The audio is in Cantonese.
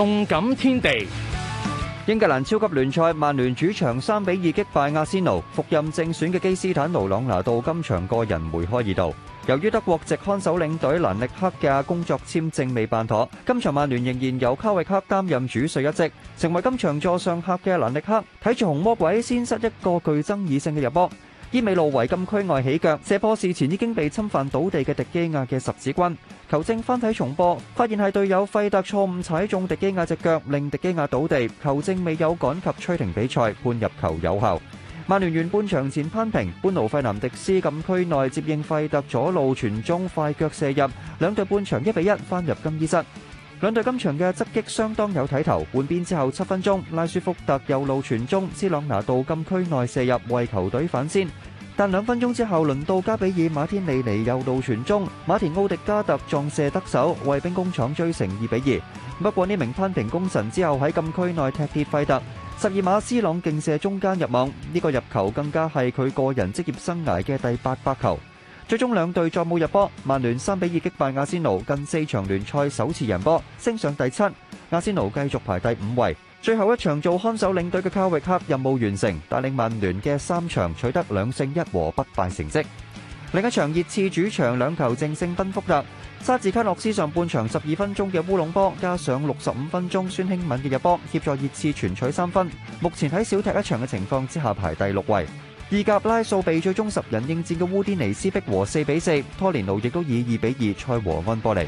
動感天地。英格蘭超級聯賽，曼聯主場三比二擊敗阿仙奴，復任正選嘅基斯坦奴朗拿度今場個人梅開二度。由於德國籍看守領隊蘭力克嘅工作簽證未辦妥，今場曼聯仍然由伊美路維禁區外起腳射破，事前已經被侵犯倒地嘅迪基亞嘅十指關。球證翻睇重播，發現係隊友費特錯誤踩中迪基亞隻腳，令迪基亞倒地，球證未有趕及吹停比賽，判入球有效。曼聯完半場前扳平，般奴費南迪斯禁區內接應費特左路傳中，快腳射入，兩隊半場一比一，翻入更衣室。兩隊今場嘅側擊相當有睇頭，換邊之後七分鐘，拉舒福特右路傳中，斯朗拿度禁區內射入，為球隊反先。但兩分鐘之後，輪到加比爾、馬天利尼右路傳中，馬田奧迪加特撞射得手，為兵工廠追成二比二。不過呢名扳平功臣之後，喺禁區內踢跌費特。十二碼斯朗勁射中間入網，呢個入球更加係佢個人職業生涯嘅第八百球。最終兩隊再冇入波，曼聯三比二擊敗阿仙奴，近四場聯賽首次贏波，升上第七。阿仙奴繼續排第五位。最後一場做看守領隊嘅卡域克任務完成，帶領曼聯嘅三場取得兩勝一和不敗成績。另一場熱刺主場兩球淨勝奔福德，沙治卡洛斯上半場十二分鐘嘅烏龍波，加上六十五分鐘孫興敏嘅入波，協助熱刺全取三分。目前喺少踢一場嘅情況之下排第六位。意甲拉素被最終十人應戰嘅烏甸尼斯逼和四比四，拖連奴亦都以二比二賽和安波利。